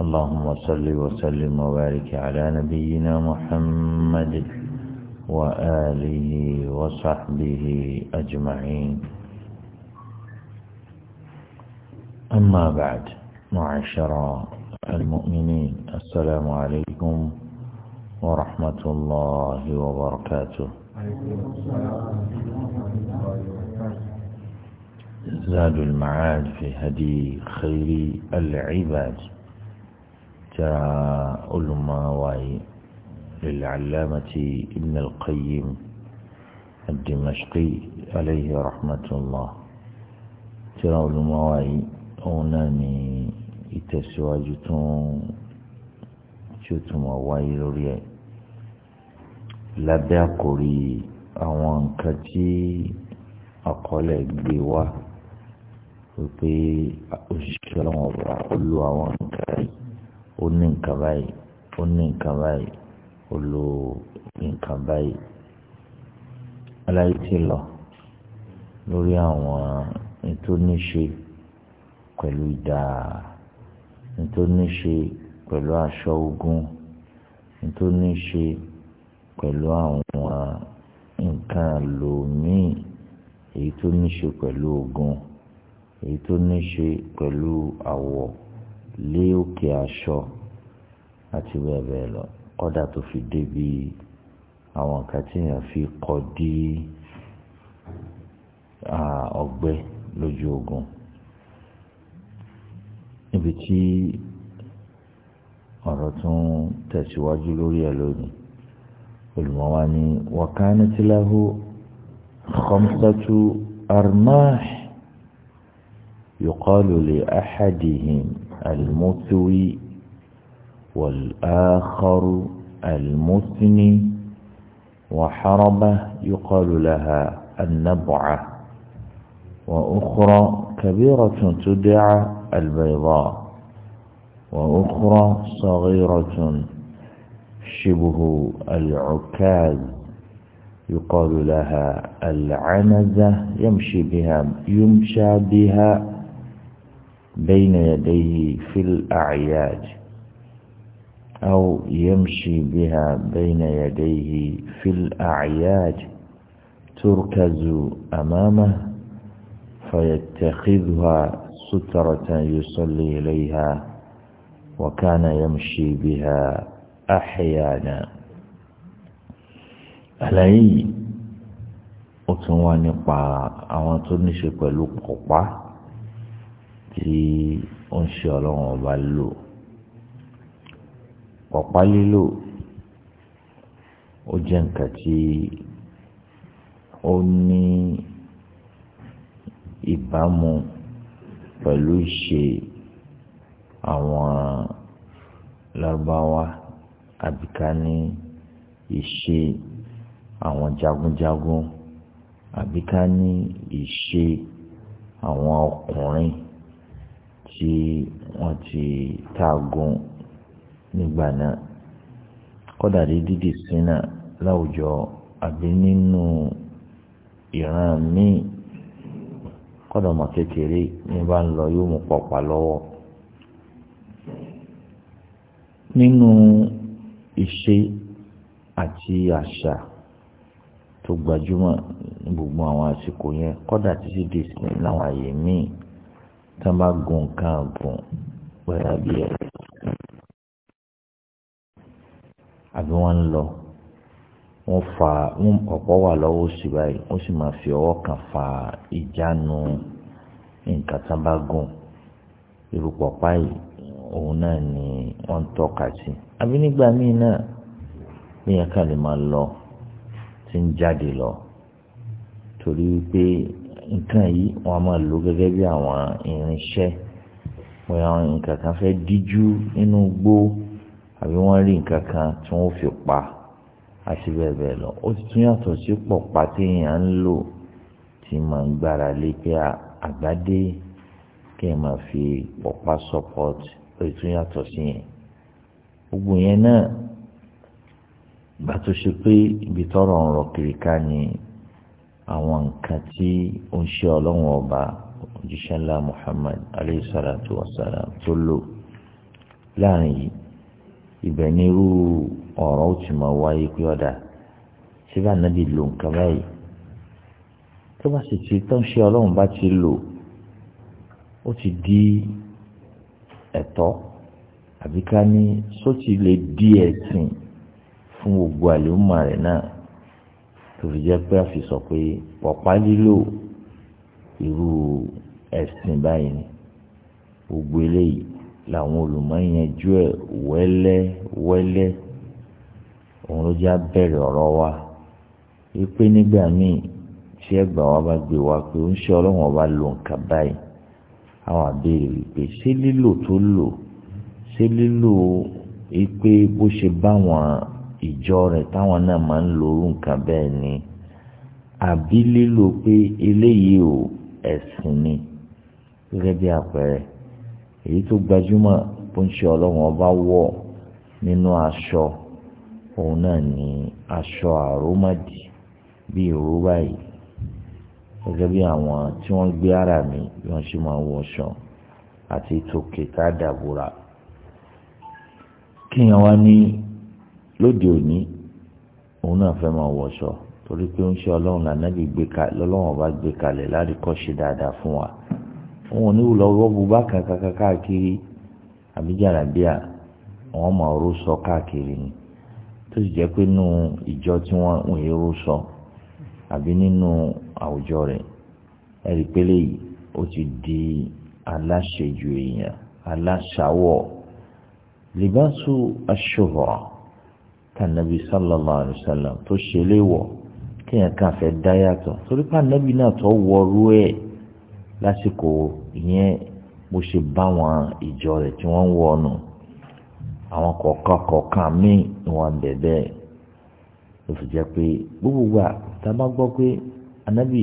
اللهم صل وسلم وبارك على نبينا محمد وآله وصحبه أجمعين أما بعد معشر المؤمنين السلام عليكم ورحمة الله وبركاته زاد المعاد في هدي خير العباد ترى علماء واي للعلامة ابن القيم الدمشقي عليه رحمة الله ترى علماء واي أوناني ìtẹ̀síwájú tí ó tún máa wáyé lórí ẹ̀ lábẹ́ àkórí àwọn nǹkan tí àkọọ́lẹ̀ gbé wá wípé òṣìṣẹ́ ọlọ́wọ́n bá lu àwọn nǹkan yìí ó ní nǹkan báyìí ó ní nǹkan báyìí ó lo nǹkan báyìí aláyé ti lọ lórí àwọn ètò níṣe pẹ̀lú ìdá ètò níṣe pẹ̀lú aṣọ ogun ètò níṣe pẹ̀lú àwọn nǹkan lò míì èyí tó níṣe pẹ̀lú ogun èyí tó níṣe pẹ̀lú àwọ̀ lé òkè aṣọ àti bẹ́ẹ̀ bẹ́ẹ̀ lọ kọ́dà tó fi débi àwọn nǹkan tí èèyàn fi kọ́ dí ọgbẹ́ lójú ogun níbi tí ọ̀rọ̀ tún tẹ̀síwájú lórí ẹ̀ lónìí olùmọ̀ wa ni wàkánitiláhu khamsatu armah yuqalu li ahadihim. المثوي والآخر المثني وحربة يقال لها النبعة وأخرى كبيرة تدعى البيضاء وأخرى صغيرة شبه العكاز يقال لها العنزة يمشي بها يمشى بها بين يديه في الأعياد أو يمشي بها بين يديه في الأعياد تركز أمامه فيتخذها سترة يصلي إليها وكان يمشي بها أحيانا ألاي أتواني ó أو wá nípa àwọn tí ó ń ṣe ọlọ́run ọba lò ọ̀pá lílò ó jẹ́ nǹkan tí ó ní ìbámu pẹ̀lú ìṣe àwọn lárúbáwá àbíká ní ìṣe àwọn jagunjagun àbíká ní ìṣe àwọn ọkùnrin. tí wọ́n ti taagun nígbà náà kódà rí dídì sínà láwùjọ àbí nínú ìran míì kódà ọmọ kékeré ní bá ń lọ yóò mú pọ̀pá lọ́wọ́ nínú ìṣe àti àṣà tó gbajúmọ̀ ní gbogbo àwọn àsìkò yẹn kódà títí dì sí láwọn àyè míì tá a máa gun nǹkan àgùn wẹ́rẹ́ bí ẹ̀ àbí wọ́n ń lọ wọ́n fa ọ̀pọ̀ wà lọ́wọ́ oṣù báyìí wọ́n sì máa fi ọwọ́ kan fa ìjánu nǹkan tá a bá gùn irúpọ̀ páyì òun náà ni wọ́n ń tọ́ka sí àbí nígbà míì náà níyẹn ká lè máa lọ tí ń jáde lọ torí wípé nǹkan yìí wọ́n máa lò gẹ́gẹ́ bí àwọn irinṣẹ́ wọ́n àwọn nǹkan kan fẹ́ díjú nínú gbó àbí wọ́n rí nǹkan kan tí wọ́n fi pa àti bẹ́ẹ̀ bẹ́ẹ̀ lọ ó ti tún yàtọ̀ sí pọ̀pá téèyàn ń lò tí máa ń gbára lé pé àgbádé kí ẹ máa fi pọ̀pá support ó ti tún yàtọ̀ sí yẹn gbogbo yẹn náà gbà tó ṣe pé ibi tọrọ ń kiri ká ni àwọn nǹkan tí ó ń ṣe ọlọ́run ọba òjíṣẹ́ ńlá Muhammad alayhi salatu wa salam tó lò láàrin yìí ibẹ̀ ní irú ọ̀rọ̀ ó ti máa wáyé pé ọ̀dà síbà nábì lo nǹkan báyìí tó bá sì ti tó ń ṣe ọlọ́run bá ti lò ó ti di ẹ̀tọ́ àbí ní só lè di ẹ̀sìn fún gbogbo àlèhùnmá rẹ̀ náà tòfi jẹ́ pé àfi sọ pé pọ̀pá lílò irú ẹ̀sìn báyìí ni gbogbo eléyìí làwọn olùmọ̀yànjú ẹ̀ wẹ́lẹ́ wẹ́lẹ́ òun ló já bẹ̀rẹ̀ ọ̀rọ̀ wa wípé nígbà míì tí ẹgbà wa bá gbé wa pé ó ń ṣe ọlọ́run ọba lo nǹkan báyìí àwọn àbẹ̀rẹ̀ wípé ṣé lílò tó lò ṣé lílò wípé bó ṣe báwọn ìjọ rẹ̀ táwọn náà máa ń lo orú nǹkan bẹ́ẹ̀ ni àbí lílo pé eléyìí ò ẹ̀sìn ni gẹ́gẹ́ bí àpẹẹrẹ èyí tó gbajúmọ̀ bó ń ṣe ọlọ́run ọba wọ̀ nínú aṣọ òun náà ni aṣọ àrómọ̀dì bí ìró báyìí gẹ́gẹ́ bí àwọn tí wọ́n gbé ara mi bí wọ́n ṣe máa wọṣọ àti tòkè tá a dàbòrà kíyàn wá ní lóde òní òun náà fẹ́ máa wọṣọ torí pé ó ń ṣe ọlọ́run lànàbì gbé kalẹ̀ lọ́lọ́run ọba gbé kalẹ̀ ṣe dáadáa fún wa òun ò ní wùlọ bá kankan káàkiri àbí jàràbíà àwọn ọmọ ọ̀rọ̀ sọ káàkiri ni tó sì jẹ́ pé nínú ìjọ tí wọ́n ń sọ àbí nínú àwùjọ rẹ̀ ẹ̀rí pélé yìí tànàbí sallallahu alayhi wa sallam tó ṣe léwọ̀ kéèyàn kàn fẹ́ dá yàtọ̀ torí pé ànábì náà tó wọrú ẹ̀ lásìkò ìyẹn bó ṣe bá wọn ìjọ rẹ̀ tí wọ́n ń wọ ọ̀nà àwọn kọ̀ọ̀kan kọ̀ọ̀kan míì ni wọ́n ń bẹ̀ bẹ́ẹ̀ ló fi jẹ́ pé gbogbo gbà tá a bá gbọ́ pé ànábì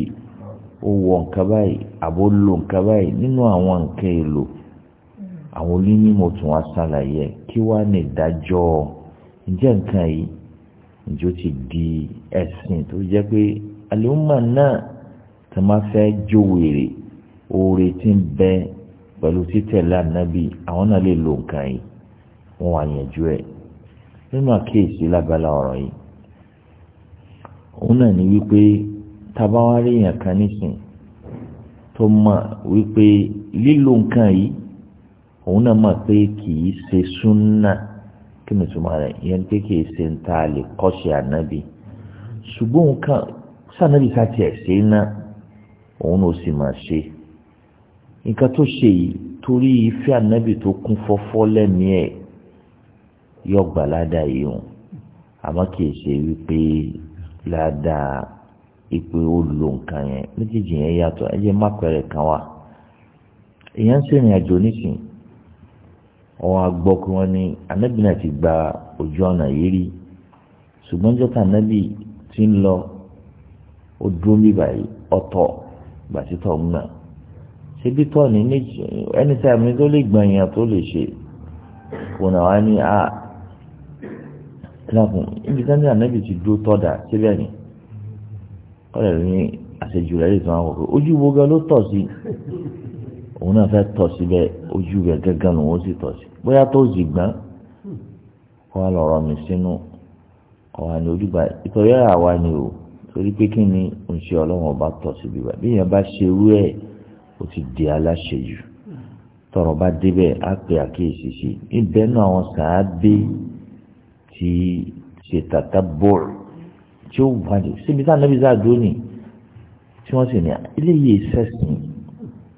ó wọ nǹkan báyìí àbó lo nǹkan báyìí nínú àwọn nǹkan èlò àwọn onímọ̀ tí wọ́n ṣàlàyé kí wàá ní ìdájọ́ ọ́ ǹjẹ́ nǹkan yìí ǹjẹ́ ti di ẹ̀sìn tó jẹ́ pé àlùmọ̀ náà tó máa fẹ́ jòwèrè oore tí ń bẹ pẹ̀lú títẹ̀lé ànábì àwọn náà lè lo nǹkan yìí wọn wà yànjú ẹ̀ nínú àkíyèsí lábala ọ̀rọ̀ yìí òun náà ní wípé tabawari yàn kan nísìn tó mọ̀ wípé lílo nǹkan yìí òun náà mọ̀ pé kì í ṣe súnà. kí ni túmọ̀ rẹ̀ ìyẹn ni pé kì í ṣe ń ta lè kọ́ṣe ànábì ṣùgbọ́n nǹkan sànábì sáti ẹ̀ ṣe iná òun ló sì máa ṣe nǹkan tó ṣe yìí torí ìfẹ́ ànábì tó kún fọ́fọ́ lẹ́mìí ẹ̀ yọ gbà ládàá yìí hàn àmọ́ kì ṣe wípé ládàá ìpè ó nǹkan yẹn méjèèjì yẹn yàtọ̀ ẹ jẹ́ má pẹ̀rẹ̀ kan wà èèyàn ń ṣèrìn àjò nísìnyí wọn á gbọ́ pé wọ́n ní anábì náà ti gba ojú ọ̀nà yìí rí ṣùgbọ́n jọ́ta anábì ti ń lọ ó dúró bí báyìí ọ̀tọ̀ gbàtítọ̀ ń ṣébí tọ́ ni ẹni tí àmì tó lè gbọ̀nyàn tó lè ṣe kò náà wá ní a ah, lákùn ibi sani anábì ti dúró tọ́da síbẹ̀ ni ọ̀rẹ́ mi àṣejù rẹ̀ lè tún àwọn kòkòrò ojú wo gan ló tọ̀ sí i òun náà fẹ́ tọ̀ síbẹ̀ ojú rẹ̀ gángan lòun ó sì tọ̀ sí bóyá tó zì gbọ́n kọ́ wa lọ́rọ̀ mi sínú kọ́ wa ojú bá ìtọ́jú àwa ni o torí pé kí ni òun ṣe ọlọ́run ọba tọ̀ síbi wa bí èèyàn bá ṣe irú ẹ̀ ó ti di aláṣejù tọrọ bá débẹ̀ á pe àkíyèsí sí i ibẹ̀ náà àwọn sàábé ti ṣe tàtà bọ́ọ̀lù tí ó wà ní síbi tá ànábì sáà dúró nì tí wọ́n sì ní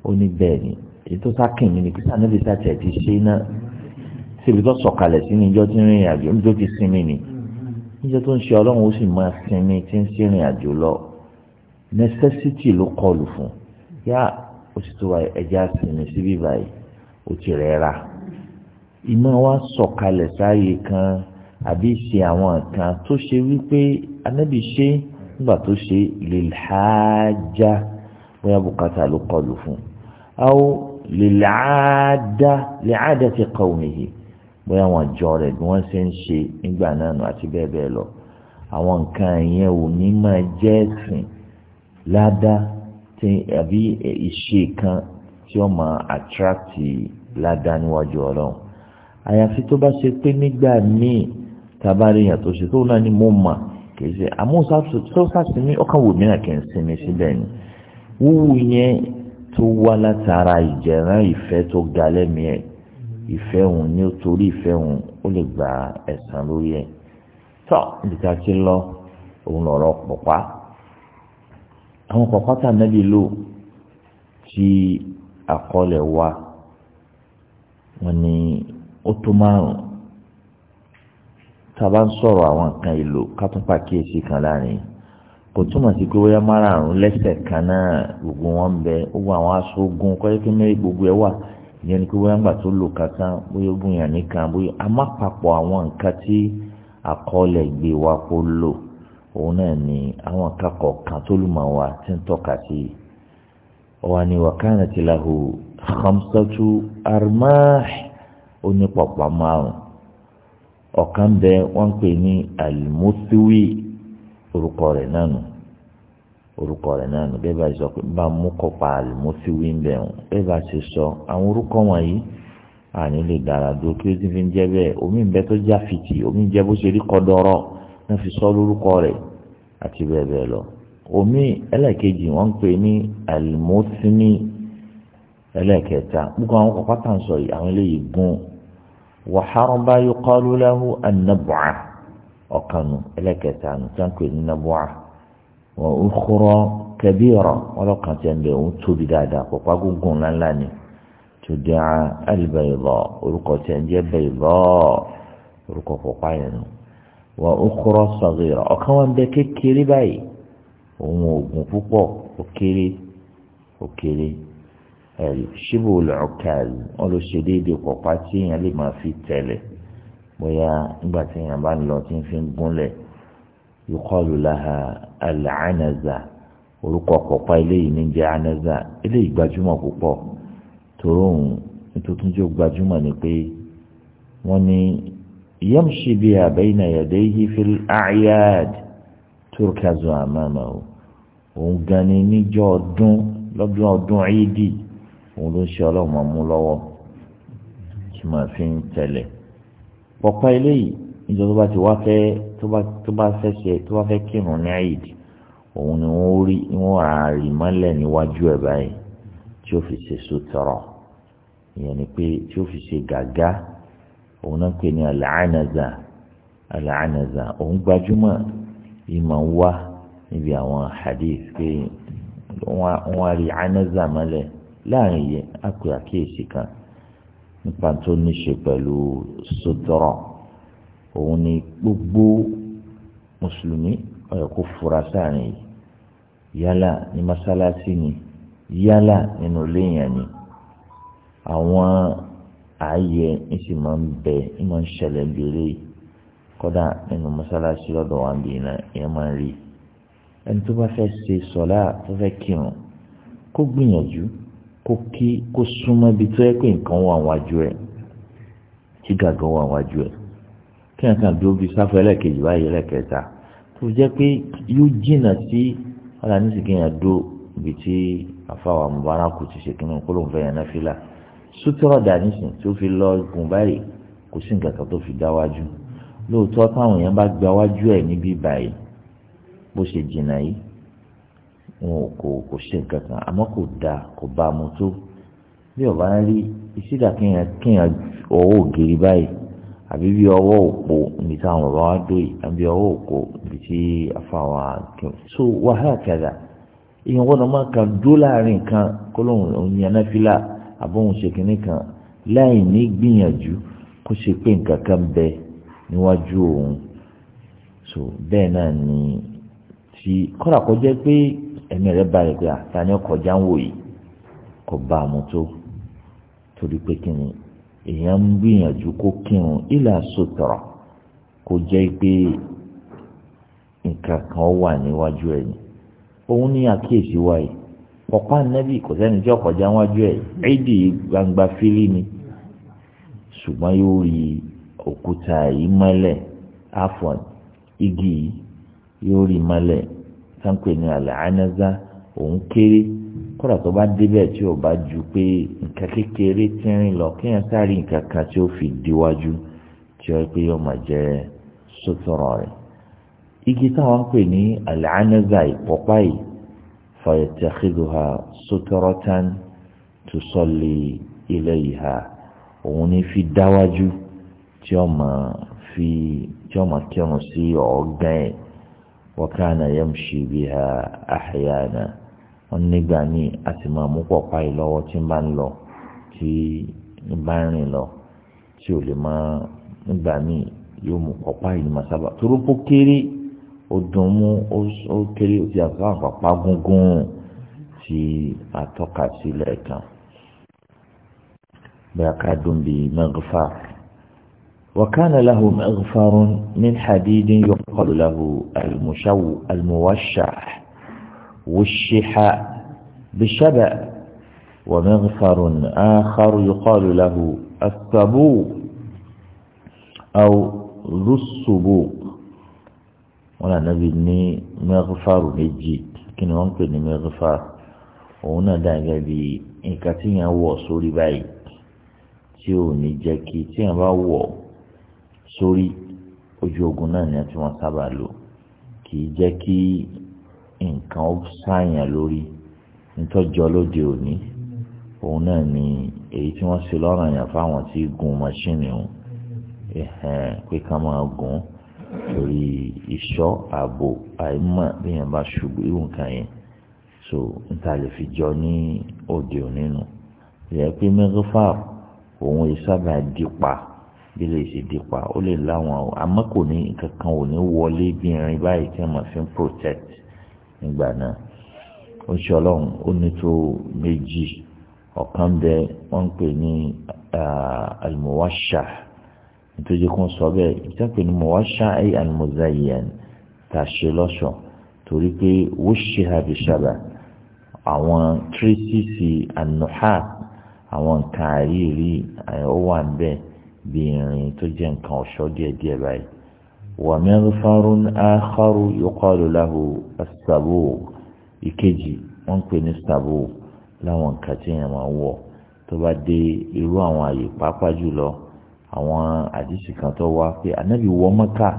ó ní bẹ́ẹ̀ ni èyí tó sákìn mi ni kí sànẹ́bí sàtẹ̀ ti ṣe náà síbi tó sọ̀kalẹ̀ sí ní ìjọ́ tí ń rìnrìn àjò níjọ́ ti sinmi ni níjọ́ tó ń ṣe ọlọ́run ó sì máa sinmi tí ń sìnrìn àjò lọ necessity ló kọlù fún yá oṣù tó wà ẹja sinmi síbí báyìí ó ti rẹ̀ ra iná wa sọ̀kalẹ̀ sáàyè kan àbí ṣe àwọn kan tó ṣe wípé anábì ṣe nígbà tó ṣe lè hájà bóyá bùkátà ló kọlù fún un. أو للعادة لعادة قومه bóyá wọn jọ rẹ̀ bí wọ́n ṣe ń ṣe nígbà náà nù àti bẹ́ẹ̀ bẹ́ẹ̀ lọ àwọn nǹkan yẹn ò ní máa jẹ́ ẹ̀sìn ládàá tí àbí ìṣe kan tí wọ́n máa àtrákìtì ládàá níwájú ọlọ́run àyàfi tó bá ṣe pé nígbà míì tábàárí yàn tó ṣe tó náà ni mo mà kì í ṣe àmúṣàṣe tó ṣàṣìmí ọkàn wò mí náà kì í sinmi síbẹ̀ ni wúwú yẹn tó wá látara ìjẹ̀rán ìfẹ́ tó ga lẹ́mí ẹ̀ ìfẹ́ òun ní torí ìfẹ́ òun ó lè gba ẹ̀san lórí ẹ̀ tọ́ níta tí ń lọ òun lọ̀rọ̀ pọ̀pá àwọn pọ̀pá tà nẹ́bí lò tí àkọlẹ̀ wa wọn ni ó tó márùn tá a bá ń sọ̀rọ̀ àwọn nǹkan èlò ká tún pàkíyèsí kan láàrin yìí kò túmọ̀ sí pé wọ́yá márààrún lẹ́sẹ̀ kan náà gbogbo wọn ń bẹ gbogbo àwọn aṣogun kọ́yẹ́ kí mẹ́rin gbogbo ẹ̀ wà ìyẹn ni pé wọ́yá ńgbà tó lò kàtán bóyá ó bùyàn nìkan bóyá amápapọ̀ àwọn nǹkan tí àkọọ́lẹ̀ gbé wa kó lò òun náà ni àwọn akẹ́kọ̀ọ́ kan tó lùmọ̀ wa ti ń tọ́ka sí i wọ́n ní wàkàrà ti lahu khamsatu armah onípọ̀pọ̀ márùn ọ̀kan bẹ wọ́n pè ní alimusiwi orúkọ rẹ̀ náà nù orúkọ rẹ̀ náà nù bẹ́ẹ̀ bá sọ pé bá mú kọ́pa àlùmọ́sí wíńbẹ̀ ọ̀hún bẹ́ẹ̀ bá ṣe sọ àwọn orúkọ wọ̀nyí àní lè dára dúró kí ó ti fi ń jẹ́ bẹ́ẹ̀ omi ń bẹ tó já fìtì omi ń jẹ́ bó ṣe rí kọ́dọ̀rọ̀ náà fi sọ lórúkọ rẹ̀ àti bẹ́ẹ̀ bẹ́ẹ̀ lọ omi ẹlẹ́ẹ̀kejì wọ́n ń pè ní àlùmọ́síní ẹlẹ́ẹ̀kẹta àwọn kọ̀pátà ń àwọn eléyìí gún wàhálà báyìí kọ́lù lẹ́hu ànàbọ̀à ọ̀kanu ẹlẹ́kẹta nù tí wọ́n pè ní nàbọ́à wọn ò kúrọ́ kẹbí ọ̀rọ̀ ọlọ́kan tí wọ́n bẹ̀ ń tóbi dáadáa pọ̀pá gúngun ńláńlá ni tó dá alìbẹ̀yìlọ́ orúkọ tí wọ́n jẹ́ bẹ̀yìlọ́ orúkọ pọ̀pá yẹn nù wọn ò kúrọ́ sọ̀rọ̀ ọ̀kan wọn bẹ kékeré báyìí òun oògùn púpọ̀ ó kéré ó kéré ẹ̀rí wọn ló ṣe déédéé pọ̀pá tí èèyàn lè máa fi tẹ̀lẹ̀ bóyá nígbà tí èèyàn bá ń lọ tí ń fi ń gúnlẹ̀ yukọlù laha alàánàza orúkọ kọ̀pá eléyìí ní jẹ́ ánàza eléyìí gbajúmọ̀ púpọ̀ tòun nítorí tí ó gbajúmọ̀ ni pé wọ́n ní yamshi biha bayna yadayhi fil a'yad turkazu amamahu òun gan níjọ́ ọdún lọ́dún ọdún ìdí òun ló ń ṣe ọlọ́run lọ́wọ́ tí màá fi ń tẹ̀lé. pọ̀pá eléyìí níjọ tó bá ti wá fẹ́ tó bá fẹ́ ṣe tó bá fẹ́ kírun ní Eid òun ni wọ́n rí wọ́n àárín mọ́lẹ̀ níwájú ẹ̀ báyìí tí ó fi ṣe sótọ̀rọ̀ ìyẹn ni pé tí ó fi ṣe gàgá òun náà pè ní àlàánàzà àlàánàzà òun gbajúmọ̀ ìmọ̀ wá níbi àwọn hadith pé wọ́n á rí ànàzà mọ́lẹ̀ láàrin yẹn á pè àkíyèsí kan nípa tó ní ṣe pẹ̀lú sotọrọ òun ni gbogbo mùsùlùmí ọ̀yọ̀ fura sáàrin yìí yálà ní mọ́sálásí ni yálà nínú ilé ni àwọn ààyè ń sì máa ń bẹ ń máa ń ṣẹlẹ̀ lérè kódà nínú mọ́sálásí lọ́dọ̀ wa bìí náà ìyẹn máa ń rí ẹni tó bá fẹ́ ṣe sọ́lá tó fẹ́ kírun kó gbìyànjú kó kí kó súnmọ́ ibi tó yẹ pé nǹkan wà wájú ẹ̀ tí gàgán wà wájú ẹ̀ kí nǹkan dúró bíi sáfẹ́ ẹlẹ́kejì báyìí ẹlẹ́kẹta tó jẹ́ pé yóò jìnnà sí ọ̀là ní sìkì yẹn dúró ibi tí àfàwà mubaraku ti ṣe kí ni kó ló ń fẹ́ yẹn náà fílà sútúrọ̀ dání sìn tó fi lọ gùn báyìí kò sí nǹkan kan tó fi dá wájú lóòótọ́ táwọn yẹn bá gba wájú ẹ̀ níbí báyìí bó ṣe jìnnà yìí wọn kò kò ṣe nǹkan kan àmọ́ kò dáa kò bá a mú tó bí ọba ń rí ìsídà kéèyàn kéèyàn ọwọ́ ògiri báyìí àbí bí ọwọ́ òpó níbi táwọn ọ̀rọ̀ á dóyè àbí ọwọ́ òpó níbi tí afáwa kẹ so wàhálà kẹdà èèyàn gbọ́dọ̀ máa kan dó láàrin kan kó lóun òun yẹn náfìlà àbóhun ṣe kínní kan láì ní gbìyànjú kó ṣe pé nǹkan kan bẹ níwájú òun so bẹ́ẹ̀ náà ni ti kọ́ra kọjá pé ẹ̀mí rẹ̀ balẹ̀ pé àtàní ah, ọkọ̀já ń wò yìí kò bá a mú tó torí pé kí ni èèyàn ń gbìyànjú kó kírun ìlà sòtọ̀rọ̀ kó jẹ́ pé nǹkan kan wà níwájú ẹ̀ ni òun ní àkíyèsí wa yìí ọ̀pá nẹ́bí kò sẹ́ni tí ọkọ̀já wájú ẹ̀ ẹ̀dì gbangba fírí ni ṣùgbọ́n yóò rí òkúta yìí mọ́lẹ̀ afọ̀n igi yìí yóò rí mọ́lẹ̀ sáńpẹ̀ ní àlẹ́ ànáza òun kéré kódà tó bá débẹ̀ tí ò bá ju pé nǹkan kékeré tí ń rìn lọ kéèyàn sáré nǹkan kan tí ó fi díwájú tí ó pé yóò máa jẹ sótọ̀rọ̀ rẹ̀ igi táwọn ń pè ní àlẹ́ ànáza ìpọ́pá yìí fàyẹ̀tẹ̀kìdùhà sótọ̀rọ̀ tán tó sọ́lé ilẹ̀ yìí ha òun ní fi dáwájú tí ó máa fi tí ó máa kírun sí ọ̀ọ́gán ẹ̀ wa kana yamshi biha ahyana wọn nígbà míì a sì máa mú pọ̀pá yìí lọ́wọ́ tí ń bá ń lọ tí ń bá ń rìn lọ tí ò lè máa nígbà míì yóò mú pọ̀pá yìí máa sábà torí kéré ó dùn mú ó kéré ó ti àgbà pàpà gúngún tí a sílẹ̀ kan bí a ká dùn bíi mẹ́gàfà. وكان له مغفر من حديد يقال له المشو الموشح والشحاء بالشبأ ومغفر آخر يقال له السبوق أو ذو السبوق ولا نبي مغفر نجي لكن ممكن مغفر هنا ده جابي إن كتير صوري بعيد تيو نجاكي تيو sórí ojú ogun náà ni tí wọ́n sábà lò kì í jẹ́ kí nǹkan ó sáàyàn lórí nítọ́jọ́ lóde òní òun náà ni èyí tí wọ́n ṣe lọ́ràn yàn fáwọn tí gun mọ́ṣíìnì òun pé ká máa gun torí ìṣọ́ ààbò àìmọ̀ bíyàn bá ṣubú irú nǹkan yẹn so níta lè fi jọ ní òde òní nù ìyẹn pé mẹ́gàfà òun ìsábà dípa bí lè ṣe dípa ó lè láwọn àmọ́ kò ní kankan ò ní wọlé bí irin báyìí tí wọ́n fi ń protect nígbà náà ó ṣe ọlọ́run ó ní tó méjì ọ̀kan bẹ wọ́n ń pè ní almuwasha nítorí kó ń sọ bẹ́ẹ̀ ìtàn pé ní muwasha ay almuzayyan tá a ṣe lọ́ṣọ̀ọ́ torí pé wóṣì àbíṣàbà àwọn tírísìsì ànúhà àwọn nǹkan àríyìí ó wà bí irin tó jẹ́ nǹkan ọ̀ṣọ́ díẹ̀díẹ̀ báyìí wa mizfarun akharu yuqalu lahu as-sabu ìkejì wọ́n ń pè ní sabu láwọn nǹkan tí èèyàn máa ń wọ̀ tó bá dé irú àwọn àyè pàápàá jùlọ àwọn àdìsí kan tó wá pé ànábì wọ Mẹ́kà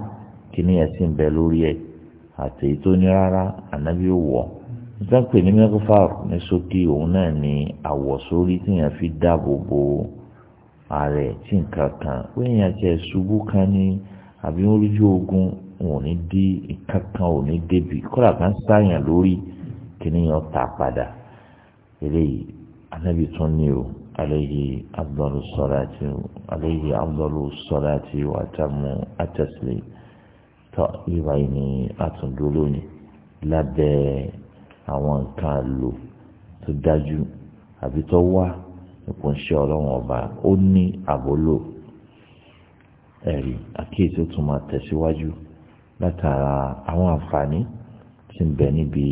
kíní ẹ̀sìn bẹ lórí ẹ̀ àti tó ní rárá ànábì wọ̀ nígbà pé ní mẹ́kọ́fà ní sókè òun náà ni àwọ̀sórí tíyàn fi dáàbò bo ààrẹ tí nǹkan kan wíyàn jẹ ṣubú kan ní àbí wọn lójú ogun wọn ò ní dé nǹkan kan ò ní débi kọ́lá kan sáyàn lórí kìnìyàn tà padà eléyìí anábì tún ní o alayhi afdalu salati alayhi afdalu salati wa atamu at-taslim tọ́ ìwà yìí ni àtúndó lónìí lábẹ́ àwọn nǹkan lò tó dájú kò ń ṣe ọlọ́run ọba ó ní àbólò ẹ̀rí àkíyèsí ó tún máa tẹ̀síwájú látara àwọn àǹfààní tí ń bẹ níbi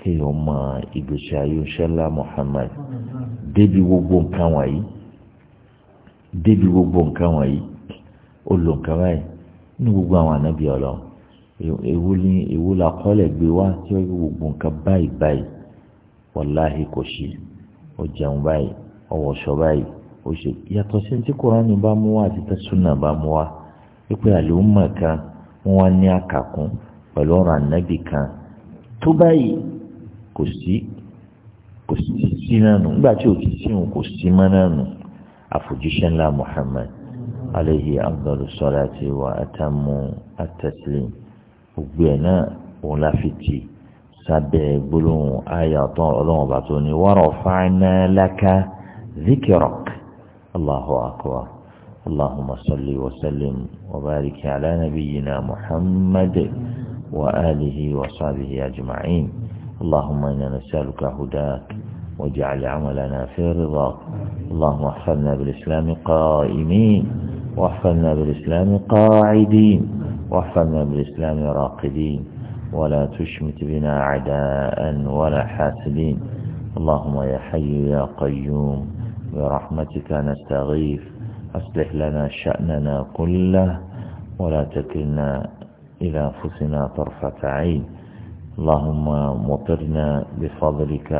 kéèyàn mọ ìgbésí ayé ṣẹlá Muhammad débi gbogbo nǹkan wọ̀nyí débi gbogbo nǹkan wọ̀nyí ó lò nǹkan báyìí ní gbogbo àwọn ànábì ọlọ́run èwo ni èwo la kọ́lẹ̀ gbé wá tí ó gbogbo nǹkan báyìí báyìí wàláhì kò sí ó jẹun báyìí ọwọ́ ṣọba yìí ó ṣe yàtọ̀ sí ti kúránì bá mú wa àti tẹ́sùnà bá mú wa wípé àlùmọ̀ kan wọ́n wá ní àkàkùn pẹ̀lú ọ̀rọ̀ ànábì kan tó báyìí kò sí kò sí sí náà nù nígbà tí òkè sí òun kò sí mọ́ náà nù àfojúsẹ́ ńlá Muhammad alayhi afdalu salati wa atamu at gbogbo ẹ̀ náà òun la fi tì sábẹ́ gbólóhùn ayàtọ̀ ọlọ́run ọba tó ní warafaana laka. ذكرك الله أكبر اللهم صل وسلم وبارك على نبينا محمد وآله وصحبه أجمعين اللهم إنا نسألك هداك واجعل عملنا في رضاك اللهم احفظنا بالإسلام قائمين واحفظنا بالإسلام قاعدين واحفظنا بالإسلام راقدين ولا تشمت بنا عداء ولا حاسدين اللهم يا حي يا قيوم برحمتك نستغيث أصلح لنا شأننا كله ولا تكلنا إلى أنفسنا طرفة عين اللهم مطرنا بفضلك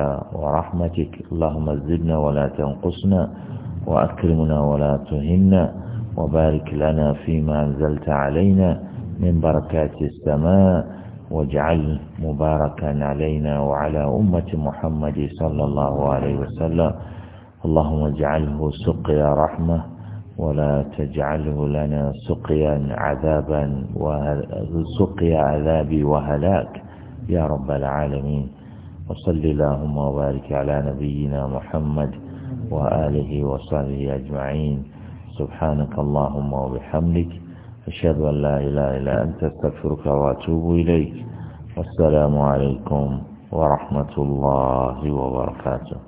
ورحمتك اللهم زدنا ولا تنقصنا وأكرمنا ولا تهنا وبارك لنا فيما أنزلت علينا من بركات السماء واجعل مباركا علينا وعلى أمة محمد صلى الله عليه وسلم اللهم اجعله سقيا رحمة ولا تجعله لنا سقيا عذابا سقيا عذابي وهلاك يا رب العالمين وصل اللهم وبارك على نبينا محمد وآله وصحبه أجمعين سبحانك اللهم وبحمدك أشهد أن لا إله إلا أنت استغفرك وأتوب إليك والسلام عليكم ورحمة الله وبركاته